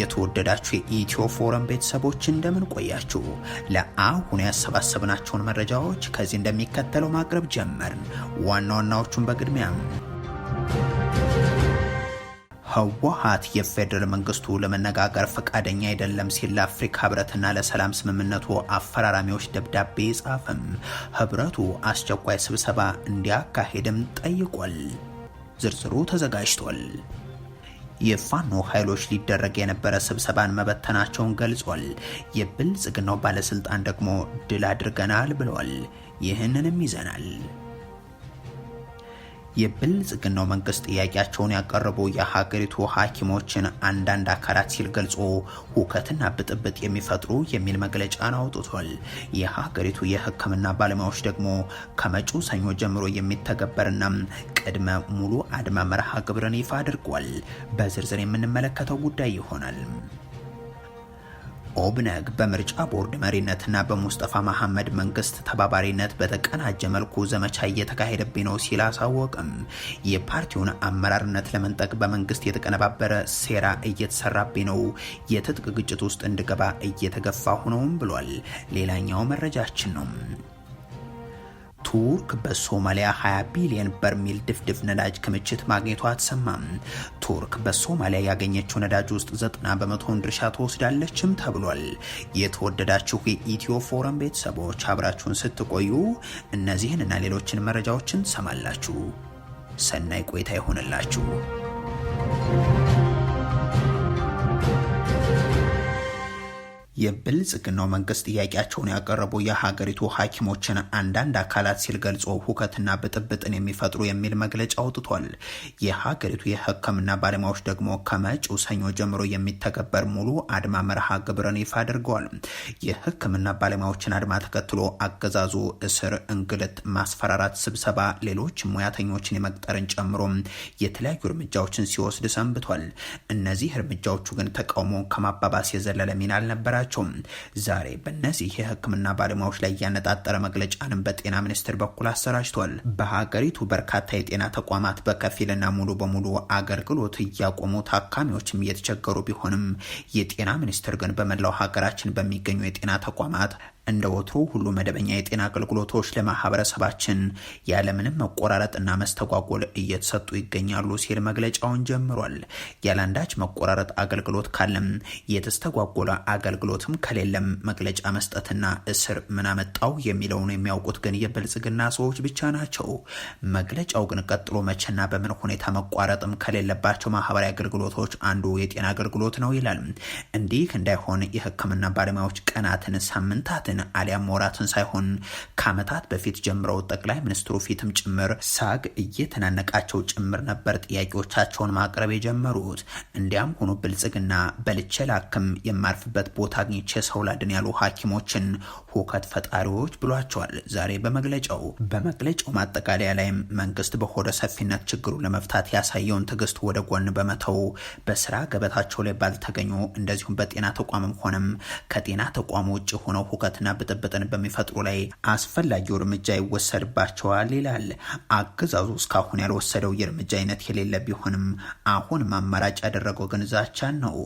የተወደዳችሁ የኢትዮ ፎረም ቤተሰቦች እንደምን ቆያችሁ? ለአሁን ያሰባሰብናቸውን መረጃዎች ከዚህ እንደሚከተለው ማቅረብ ጀመርን። ዋና ዋናዎቹን በቅድሚያም ህወሓት የፌዴራል መንግስቱ ለመነጋገር ፈቃደኛ አይደለም ሲል ለአፍሪካ ህብረትና ለሰላም ስምምነቱ አፈራራሚዎች ደብዳቤ ጻፈም። ህብረቱ አስቸኳይ ስብሰባ እንዲያካሄድም ጠይቋል። ዝርዝሩ ተዘጋጅቷል። የፋኖ ኃይሎች ሊደረግ የነበረ ስብሰባን መበተናቸውን ገልጿል። የብልጽግናው ባለስልጣን ደግሞ ድል አድርገናል ብለዋል። ይህንንም ይዘናል። የብልጽግናው መንግስት ጥያቄያቸውን ያቀረቡ የሀገሪቱ ሐኪሞችን አንዳንድ አካላት ሲል ገልጾ ሁከትና ብጥብጥ የሚፈጥሩ የሚል መግለጫን አውጥቷል። የሀገሪቱ የሕክምና ባለሙያዎች ደግሞ ከመጪው ሰኞ ጀምሮ የሚተገበርና ቅድመ ሙሉ አድማ መርሃ ግብርን ይፋ አድርጓል። በዝርዝር የምንመለከተው ጉዳይ ይሆናል። ኦብነግ በምርጫ ቦርድ መሪነትና በሙስጠፋ መሐመድ መንግስት ተባባሪነት በተቀናጀ መልኩ ዘመቻ እየተካሄደብኝ ነው ሲል አሳወቅም። የፓርቲውን አመራርነት ለመንጠቅ በመንግስት የተቀነባበረ ሴራ እየተሰራብኝ ነው፣ የትጥቅ ግጭት ውስጥ እንድገባ እየተገፋ ሁነውም ብሏል። ሌላኛው መረጃችን ነው። ቱርክ በሶማሊያ 20 ቢሊዮን በርሜል ድፍድፍ ነዳጅ ክምችት ማግኘቷ አትሰማም። ቱርክ በሶማሊያ ያገኘችው ነዳጅ ውስጥ 90 በመቶውን ድርሻ ትወስዳለችም ተብሏል። የተወደዳችሁ የኢትዮ ፎረም ቤተሰቦች አብራችሁን ስትቆዩ እነዚህን እና ሌሎችን መረጃዎችን ሰማላችሁ። ሰናይ ቆይታ ይሆንላችሁ። የብልጽግናው መንግስት ጥያቄያቸውን ያቀረቡ የሀገሪቱ ሐኪሞችን አንዳንድ አካላት ሲል ገልጾ ሁከትና ብጥብጥን የሚፈጥሩ የሚል መግለጫ አውጥቷል። የሀገሪቱ የሕክምና ባለሙያዎች ደግሞ ከመጪው ሰኞ ጀምሮ የሚተገበር ሙሉ አድማ መርሃ ግብርን ይፋ አድርገዋል። የሕክምና ባለሙያዎችን አድማ ተከትሎ አገዛዙ እስር፣ እንግልት፣ ማስፈራራት፣ ስብሰባ፣ ሌሎች ሙያተኞችን የመቅጠርን ጨምሮ የተለያዩ እርምጃዎችን ሲወስድ ሰንብቷል። እነዚህ እርምጃዎቹ ግን ተቃውሞ ከማባባስ የዘለለ ሚና አልነበራቸው ናቸው። ዛሬ በእነዚህ የህክምና ባለሙያዎች ላይ ያነጣጠረ መግለጫንም በጤና ሚኒስቴር በኩል አሰራጅቷል። በሀገሪቱ በርካታ የጤና ተቋማት በከፊልና ሙሉ በሙሉ አገልግሎት እያቆሙ ታካሚዎችም እየተቸገሩ ቢሆንም የጤና ሚኒስቴር ግን በመላው ሀገራችን በሚገኙ የጤና ተቋማት እንደ ወትሮ ሁሉ መደበኛ የጤና አገልግሎቶች ለማህበረሰባችን ያለምንም መቆራረጥና መስተጓጎል እየተሰጡ ይገኛሉ ሲል መግለጫውን ጀምሯል። ያለአንዳች መቆራረጥ አገልግሎት ካለም የተስተጓጎለ አገልግሎትም ከሌለም መግለጫ መስጠትና እስር ምናመጣው የሚለውን የሚያውቁት ግን የብልጽግና ሰዎች ብቻ ናቸው። መግለጫው ግን ቀጥሎ መቼና በምን ሁኔታ መቋረጥም ከሌለባቸው ማህበራዊ አገልግሎቶች አንዱ የጤና አገልግሎት ነው ይላል። እንዲህ እንዳይሆን የህክምና ባለሙያዎች ቀናትን፣ ሳምንታትን ህወሓትን አሊያም ወራትን ሳይሆን ከዓመታት በፊት ጀምረው ጠቅላይ ሚኒስትሩ ፊትም ጭምር ሳግ እየተናነቃቸው ጭምር ነበር ጥያቄዎቻቸውን ማቅረብ የጀመሩት። እንዲያም ሆኖ ብልጽግና በልቼ ላክም የማርፍበት ቦታ አግኝቼ ሰው ላድን ያሉ ሐኪሞችን ሁከት ፈጣሪዎች ብሏቸዋል። ዛሬ በመግለጫው በመግለጫው ማጠቃለያ ላይም መንግስት በሆደ ሰፊነት ችግሩን ለመፍታት ያሳየውን ትዕግስት ወደ ጎን በመተው በስራ ገበታቸው ላይ ባልተገኙ እንደዚሁም በጤና ተቋምም ሆነም ከጤና ተቋም ውጭ ሆነው ሁከት ሁከትና ብጥብጥን በሚፈጥሩ ላይ አስፈላጊው እርምጃ ይወሰድባቸዋል ይላል። አገዛዙ እስካሁን ያልወሰደው የእርምጃ አይነት የሌለ ቢሆንም አሁን አማራጭ ያደረገው ግን ዛቻን ነው።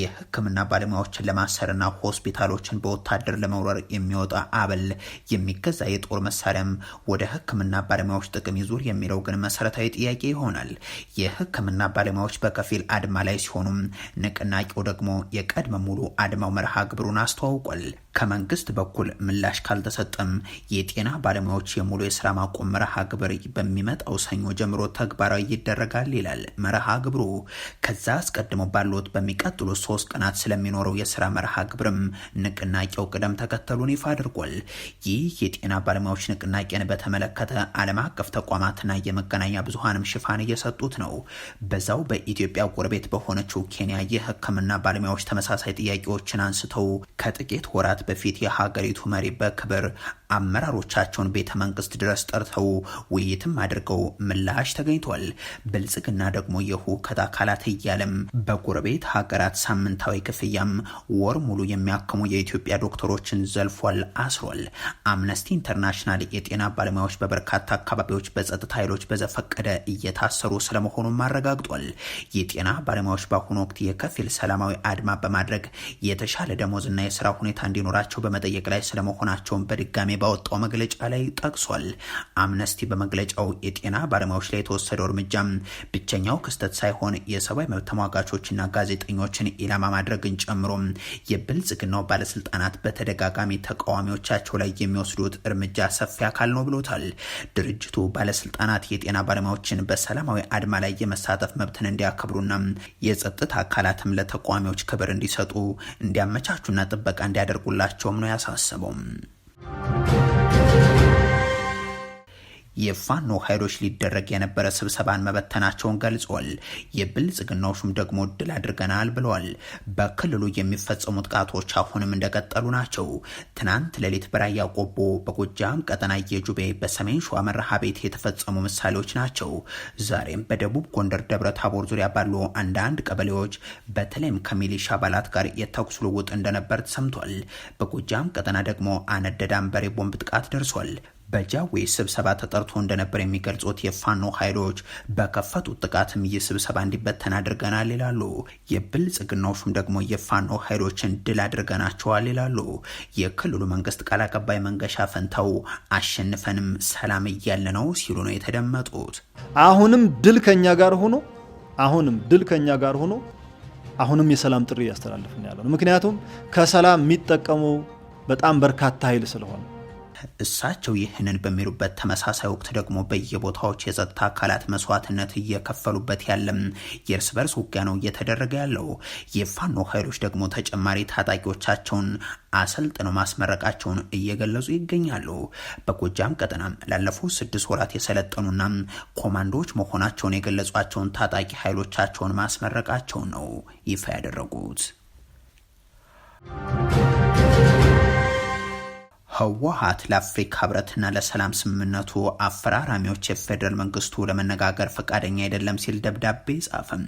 የህክምና ባለሙያዎችን ለማሰርና ሆስፒታሎችን በወታደር ለመውረር የሚወጣ አበል የሚገዛ የጦር መሳሪያም ወደ ህክምና ባለሙያዎች ጥቅም ይዙር የሚለው ግን መሰረታዊ ጥያቄ ይሆናል። የህክምና ባለሙያዎች በከፊል አድማ ላይ ሲሆኑም ንቅናቄው ደግሞ የቀድመ ሙሉ አድማው መርሃ ግብሩን አስተዋውቋል። ከመንግስት በኩል ምላሽ ካልተሰጠም የጤና ባለሙያዎች የሙሉ የስራ ማቆም መርሃ ግብር በሚመጣው ሰኞ ጀምሮ ተግባራዊ ይደረጋል ይላል መርሃ ግብሩ። ከዛ አስቀድሞ ባሉት በሚቀጥሉ ሶስት ቀናት ስለሚኖረው የስራ መርሃ ግብርም ንቅናቄው ቅደም ተከተሉን ይፋ አድርጓል። ይህ የጤና ባለሙያዎች ንቅናቄን በተመለከተ ዓለም አቀፍ ተቋማትና የመገናኛ ብዙሀንም ሽፋን እየሰጡት ነው። በዛው በኢትዮጵያ ጎረቤት በሆነችው ኬንያ የህክምና ባለሙያዎች ተመሳሳይ ጥያቄዎችን አንስተው ከጥቂት ወራት በፊት የሀገሪቱ መሪ በክብር አመራሮቻቸውን ቤተ መንግስት ድረስ ጠርተው ውይይትም አድርገው ምላሽ ተገኝቷል። ብልጽግና ደግሞ የሁከት አካላት እያለም በጎረቤት ሀገራት ሳምንታዊ ክፍያም ወር ሙሉ የሚያክሙ የኢትዮጵያ ዶክተሮችን ዘልፏል፣ አስሯል። አምነስቲ ኢንተርናሽናል የጤና ባለሙያዎች በበርካታ አካባቢዎች በጸጥታ ኃይሎች በዘፈቀደ እየታሰሩ ስለመሆኑም አረጋግጧል። የጤና ባለሙያዎች በአሁኑ ወቅት የከፊል ሰላማዊ አድማ በማድረግ የተሻለ ደሞዝና የስራ ሁኔታ እንዲኖራቸው በመጠየቅ ላይ ስለመሆናቸውን በድጋሜ ባወጣው መግለጫ ላይ ጠቅሷል። አምነስቲ በመግለጫው የጤና ባለሙያዎች ላይ የተወሰደው እርምጃ ብቸኛው ክስተት ሳይሆን የሰብአዊ መብት ተሟጋቾችና ጋዜጠኞችን ኢላማ ማድረግን ጨምሮ የብልጽግናው ባለስልጣናት በተደጋጋሚ ተቃዋሚዎቻቸው ላይ የሚወስዱት እርምጃ ሰፊ አካል ነው ብሎታል። ድርጅቱ ባለስልጣናት የጤና ባለሙያዎችን በሰላማዊ አድማ ላይ የመሳተፍ መብትን እንዲያከብሩና የጸጥታ አካላትም ለተቃዋሚዎች ክብር እንዲሰጡ እንዲያመቻቹና ጥበቃ እንዲያደርጉላቸውም ነው ያሳሰበው። የፋኖ ኃይሎች ሊደረግ የነበረ ስብሰባን መበተናቸውን ገልጿል። የብልጽግናዎቹም ደግሞ ድል አድርገናል ብለዋል። በክልሉ የሚፈጸሙ ጥቃቶች አሁንም እንደቀጠሉ ናቸው። ትናንት ሌሊት በራያ ቆቦ፣ በጎጃም ቀጠና የጁቤ፣ በሰሜን ሸዋ መርሃ ቤት የተፈጸሙ ምሳሌዎች ናቸው። ዛሬም በደቡብ ጎንደር ደብረ ታቦር ዙሪያ ባሉ አንዳንድ ቀበሌዎች በተለይም ከሚሊሻ አባላት ጋር የተኩስ ልውውጥ እንደነበር ተሰምቷል። በጎጃም ቀጠና ደግሞ አነደድ በሬ ቦምብ ጥቃት ደርሷል። በጃዌ ስብሰባ ተጠርቶ እንደነበር የሚገልጹት የፋኖ ኃይሎች በከፈቱት ጥቃትም ይህ ስብሰባ እንዲበተን አድርገናል ይላሉ። የብልጽግናዎቹም ደግሞ የፋኖ ኃይሎችን ድል አድርገናቸዋል ይላሉ። የክልሉ መንግስት ቃል አቀባይ መንገሻ ፈንተው አሸንፈንም ሰላም እያለ ነው ሲሉ ነው የተደመጡት። አሁንም ድል ከኛ ጋር ሆኖ አሁንም ድል ከኛ ጋር ሆኖ አሁንም የሰላም ጥሪ እያስተላለፍን ያለ ምክንያቱም ከሰላም የሚጠቀሙ በጣም በርካታ ኃይል ስለሆነ እሳቸው ይህንን በሚሉበት ተመሳሳይ ወቅት ደግሞ በየቦታዎች የጸጥታ አካላት መስዋዕትነት እየከፈሉበት ያለም የእርስ በርስ ውጊያ ነው እየተደረገ ያለው። የፋኖ ኃይሎች ደግሞ ተጨማሪ ታጣቂዎቻቸውን አሰልጥነው ማስመረቃቸውን እየገለጹ ይገኛሉ። በጎጃም ቀጠና ላለፉት ስድስት ወራት የሰለጠኑና ኮማንዶዎች መሆናቸውን የገለጿቸውን ታጣቂ ኃይሎቻቸውን ማስመረቃቸውን ነው ይፋ ያደረጉት። ህወሀት ለአፍሪካ ህብረትና ለሰላም ስምምነቱ አፈራራሚዎች የፌዴራል መንግስቱ ለመነጋገር ፈቃደኛ አይደለም ሲል ደብዳቤ ጻፈም።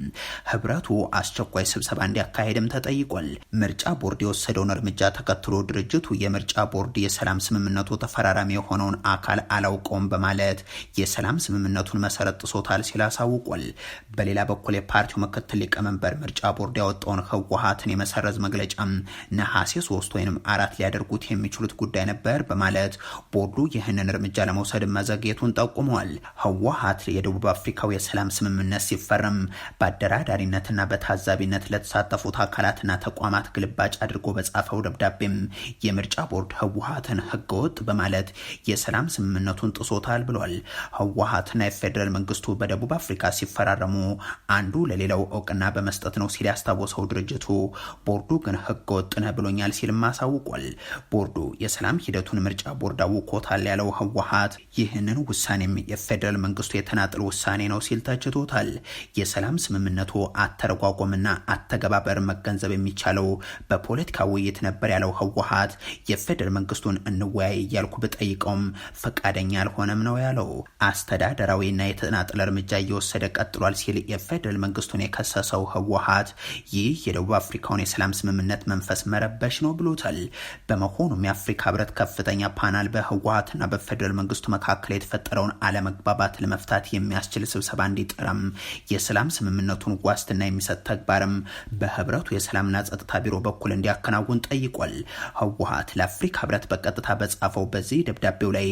ህብረቱ አስቸኳይ ስብሰባ እንዲያካሄድም ተጠይቋል። ምርጫ ቦርድ የወሰደውን እርምጃ ተከትሎ ድርጅቱ የምርጫ ቦርድ የሰላም ስምምነቱ ተፈራራሚ የሆነውን አካል አላውቀውም በማለት የሰላም ስምምነቱን መሰረት ጥሶታል ሲል አሳውቋል። በሌላ በኩል የፓርቲው ምክትል ሊቀመንበር ምርጫ ቦርድ ያወጣውን ህወሀትን የመሰረዝ መግለጫ ነሐሴ ሶስት ወይም አራት ሊያደርጉት የሚችሉት ጉዳይ ነበር በማለት ቦርዱ ይህንን እርምጃ ለመውሰድ መዘግየቱን ጠቁመዋል። ህወሀት የደቡብ አፍሪካው የሰላም ስምምነት ሲፈረም በአደራዳሪነትና በታዛቢነት ለተሳተፉት አካላትና ተቋማት ግልባጭ አድርጎ በጻፈው ደብዳቤም የምርጫ ቦርድ ህወሀትን ህገወጥ በማለት የሰላም ስምምነቱን ጥሶታል ብሏል። ህወሀትና የፌዴራል መንግስቱ በደቡብ አፍሪካ ሲፈራረሙ አንዱ ለሌላው እውቅና በመስጠት ነው ሲል ያስታወሰው ድርጅቱ ቦርዱ ግን ህገወጥ ነህ ብሎኛል ሲልም አሳውቋል። ቦርዱ የሰላም ሂደቱን ምርጫ ቦርድ አውቆታል ያለው ህወሀት ይህንን ውሳኔም የፌዴራል መንግስቱ የተናጠል ውሳኔ ነው ሲል ተችቶታል። የሰላም ስምምነቱ አተረጓጎምና አተገባበር መገንዘብ የሚቻለው በፖለቲካ ውይይት ነበር ያለው ህወሀት የፌዴራል መንግስቱን እንወያይ እያልኩ ብጠይቀውም ፈቃደኛ አልሆነም ነው ያለው። አስተዳደራዊና የተናጠል እርምጃ እየወሰደ ቀጥሏል ሲል የፌዴራል መንግስቱን የከሰሰው ህወሀት ይህ የደቡብ አፍሪካውን የሰላም ስምምነት መንፈስ መረበሽ ነው ብሎታል። በመሆኑም የአፍሪካ ህብረት ከፍተኛ ፓናል በህወሀትና በፌዴራል መንግስቱ መካከል የተፈጠረውን አለመግባባት ለመፍታት የሚያስችል ስብሰባ እንዲጠራም የሰላም ስምምነቱን ዋስትና የሚሰጥ ተግባርም በህብረቱ የሰላምና ጸጥታ ቢሮ በኩል እንዲያከናውን ጠይቋል። ህወሀት ለአፍሪካ ህብረት በቀጥታ በጻፈው በዚህ ደብዳቤው ላይ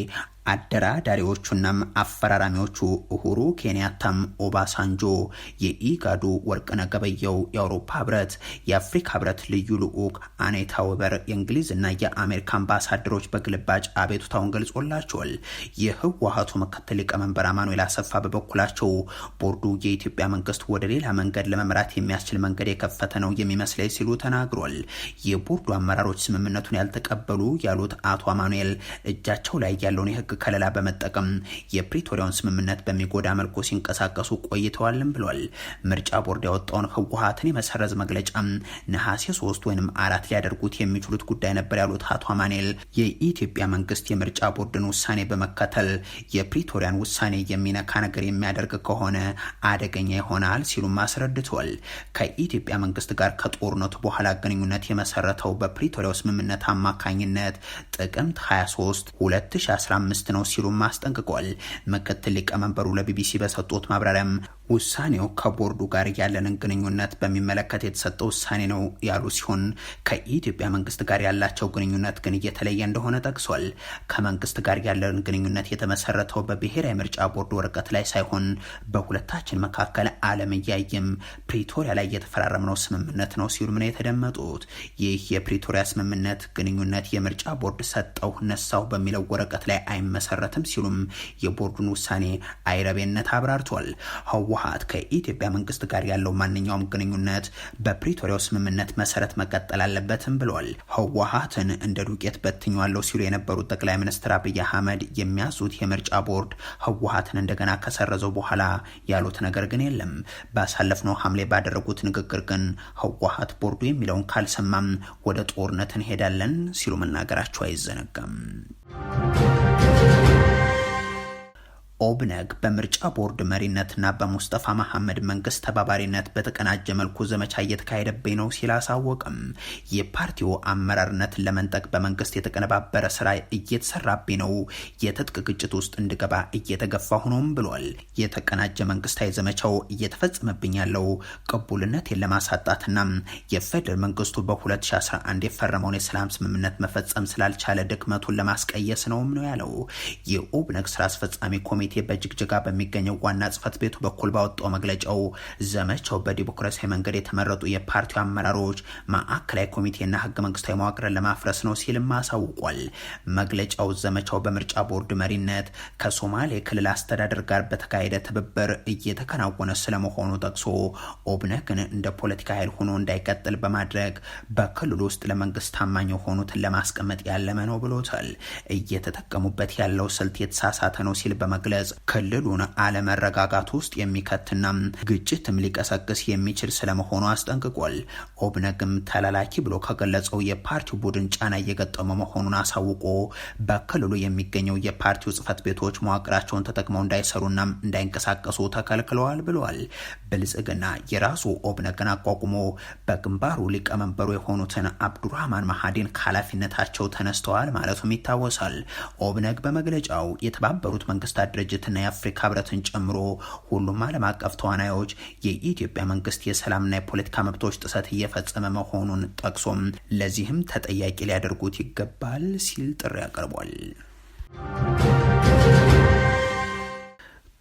አደራዳሪዎቹናም አፈራራሚዎቹ ኡሁሩ ኬንያታም፣ ኦባሳንጆ፣ የኢጋዱ ወርቅነህ ገበየሁ፣ የአውሮፓ ህብረት፣ የአፍሪካ ህብረት ልዩ ልዑክ አኔታ ወበር፣ የእንግሊዝና የአሜሪካ አምባሳደሮች በግልባጭ አቤቱታውን ገልጾላቸዋል። የህወሀቱ ምክትል ሊቀመንበር አማኑኤል አሰፋ በበኩላቸው ቦርዱ የኢትዮጵያ መንግስት ወደ ሌላ መንገድ ለመምራት የሚያስችል መንገድ የከፈተ ነው የሚመስለኝ ሲሉ ተናግሯል። የቦርዱ አመራሮች ስምምነቱን ያልተቀበሉ ያሉት አቶ አማኑኤል እጃቸው ላይ ያለውን የህግ ከለላ በመጠቀም የፕሪቶሪያውን ስምምነት በሚጎዳ መልኩ ሲንቀሳቀሱ ቆይተዋልም ብሏል። ምርጫ ቦርድ ያወጣውን ህወሀትን የመሰረዝ መግለጫ ነሐሴ ሶስት ወይም አራት ሊያደርጉት የሚችሉት ጉዳይ ነበር ያሉት አቶ አማኔል የኢትዮጵያ መንግስት የምርጫ ቦርድን ውሳኔ በመከተል የፕሪቶሪያን ውሳኔ የሚነካ ነገር የሚያደርግ ከሆነ አደገኛ ይሆናል ሲሉም አስረድተዋል። ከኢትዮጵያ መንግስት ጋር ከጦርነቱ በኋላ ግንኙነት የመሰረተው በፕሪቶሪያው ስምምነት አማካኝነት ጥቅምት 23 2015 መንግስት ነው ሲሉም አስጠንቅቋል። ምክትል ሊቀመንበሩ ለቢቢሲ በሰጡት ማብራሪያም ውሳኔው ከቦርዱ ጋር ያለንን ግንኙነት በሚመለከት የተሰጠ ውሳኔ ነው ያሉ ሲሆን ከኢትዮጵያ መንግስት ጋር ያላቸው ግንኙነት ግን እየተለየ እንደሆነ ጠቅሷል። ከመንግስት ጋር ያለን ግንኙነት የተመሰረተው በብሔራዊ ምርጫ ቦርድ ወረቀት ላይ ሳይሆን በሁለታችን መካከል ዓለም እያየም ፕሪቶሪያ ላይ የተፈራረምነው ስምምነት ነው ሲሉም ነው የተደመጡት። ይህ የፕሪቶሪያ ስምምነት ግንኙነት የምርጫ ቦርድ ሰጠው ነሳው በሚለው ወረቀት ላይ አይመሰረትም ሲሉም የቦርዱን ውሳኔ አይረቤነት አብራርቷል። ህወሀት ከኢትዮጵያ መንግስት ጋር ያለው ማንኛውም ግንኙነት በፕሪቶሪያው ስምምነት መሰረት መቀጠል አለበትም ብሏል። ህወሀትን እንደ ዱቄት በትኛዋለሁ ሲሉ የነበሩት ጠቅላይ ሚኒስትር አብይ አህመድ የሚያዙት የምርጫ ቦርድ ህወሀትን እንደገና ከሰረዘው በኋላ ያሉት ነገር ግን የለም። ባሳለፍነው ሐምሌ ባደረጉት ንግግር ግን ህወሀት ቦርዱ የሚለውን ካልሰማም ወደ ጦርነት እንሄዳለን ሲሉ መናገራቸው አይዘነጋም። ኦብነግ በምርጫ ቦርድ መሪነትና በሙስጠፋ መሐመድ መንግስት ተባባሪነት በተቀናጀ መልኩ ዘመቻ እየተካሄደብኝ ነው ሲል አሳወቅም። የፓርቲው አመራርነት ለመንጠቅ በመንግስት የተቀነባበረ ስራ እየተሰራብኝ ነው፣ የትጥቅ ግጭት ውስጥ እንድገባ እየተገፋ ሆኖም ብሏል። የተቀናጀ መንግስታዊ ዘመቻው እየተፈጸመብኝ ያለው ቅቡልነቴን ለማሳጣትና የፌደራል መንግስቱ በ2011 የፈረመውን የሰላም ስምምነት መፈጸም ስላልቻለ ድክመቱን ለማስቀየስ ነውም ነው ያለው የኦብነግ ስራ አስፈጻሚ ኮሚ ኮሚቴ በጅግጅጋ በሚገኘው ዋና ጽህፈት ቤቱ በኩል ባወጣው መግለጫው ዘመቻው በዲሞክራሲያዊ መንገድ የተመረጡ የፓርቲው አመራሮች ማዕከላዊ ኮሚቴና ህገ መንግስታዊ መዋቅርን ለማፍረስ ነው ሲልም አሳውቋል። መግለጫው ዘመቻው በምርጫ ቦርድ መሪነት ከሶማሌ ክልል አስተዳደር ጋር በተካሄደ ትብብር እየተከናወነ ስለመሆኑ ጠቅሶ ኦብነግን እንደ ፖለቲካ ኃይል ሆኖ እንዳይቀጥል በማድረግ በክልሉ ውስጥ ለመንግስት ታማኝ የሆኑትን ለማስቀመጥ ያለመ ነው ብሎታል። እየተጠቀሙበት ያለው ስልት የተሳሳተ ነው ሲል በመግለ በመግለጽ ክልሉን አለመረጋጋት ውስጥ የሚከትና ግጭትም ሊቀሰቅስ የሚችል ስለመሆኑ አስጠንቅቋል። ኦብነግም ተላላኪ ብሎ ከገለጸው የፓርቲው ቡድን ጫና እየገጠመ መሆኑን አሳውቆ በክልሉ የሚገኘው የፓርቲው ጽህፈት ቤቶች መዋቅራቸውን ተጠቅመው እንዳይሰሩና እንዳይንቀሳቀሱ ተከልክለዋል ብለዋል። ብልጽግና የራሱ ኦብነግን አቋቁሞ በግንባሩ ሊቀመንበሩ የሆኑትን አብዱራህማን ማሃዲን ከኃላፊነታቸው ተነስተዋል ማለቱም ይታወሳል። ኦብነግ በመግለጫው የተባበሩት መንግስታት ድርጅት ድርጅትና የአፍሪካ ህብረትን ጨምሮ ሁሉም ዓለም አቀፍ ተዋናዮች የኢትዮጵያ መንግስት የሰላምና የፖለቲካ መብቶች ጥሰት እየፈጸመ መሆኑን ጠቅሶም ለዚህም ተጠያቂ ሊያደርጉት ይገባል ሲል ጥሪ አቅርቧል።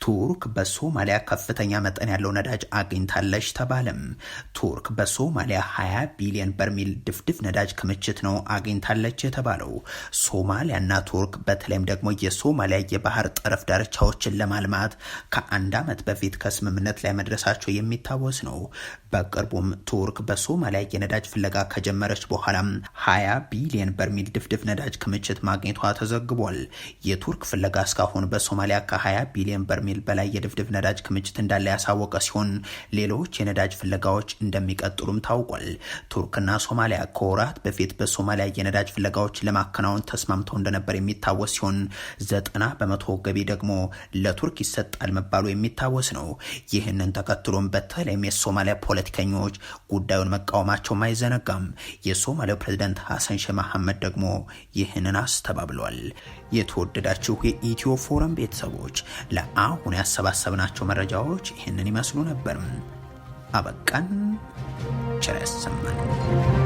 ቱርክ በሶማሊያ ከፍተኛ መጠን ያለው ነዳጅ አግኝታለች ተባለም። ቱርክ በሶማሊያ 20 ቢሊዮን በርሚል ድፍድፍ ነዳጅ ክምችት ነው አግኝታለች የተባለው። ሶማሊያና ቱርክ በተለይም ደግሞ የሶማሊያ የባህር ጠረፍ ዳርቻዎችን ለማልማት ከአንድ ዓመት በፊት ከስምምነት ላይ መድረሳቸው የሚታወስ ነው። በቅርቡም ቱርክ በሶማሊያ የነዳጅ ፍለጋ ከጀመረች በኋላም 20 ቢሊዮን በርሚል ድፍድፍ ነዳጅ ክምችት ማግኘቷ ተዘግቧል። የቱርክ ፍለጋ እስካሁን በሶማሊያ ከ20 ቢሊዮን በርሚል በርሜል በላይ የድፍድፍ ነዳጅ ክምችት እንዳለ ያሳወቀ ሲሆን ሌሎች የነዳጅ ፍለጋዎች እንደሚቀጥሉም ታውቋል። ቱርክና ሶማሊያ ከወራት በፊት በሶማሊያ የነዳጅ ፍለጋዎች ለማከናወን ተስማምተው እንደነበር የሚታወስ ሲሆን ዘጠና በመቶ ገቢ ደግሞ ለቱርክ ይሰጣል መባሉ የሚታወስ ነው። ይህንን ተከትሎም በተለይም የሶማሊያ ፖለቲከኞች ጉዳዩን መቃወማቸውም አይዘነጋም። የሶማሊያው ፕሬዝደንት ሀሰን ሼህ መሐመድ ደግሞ ይህንን አስተባብሏል። የተወደዳችሁ የኢትዮ ፎረም ቤተሰቦች ለአሁ ለአሁኑ ያሰባሰብናቸው መረጃዎች ይህንን ይመስሉ ነበር። አበቃን። ቸር ያሰማን።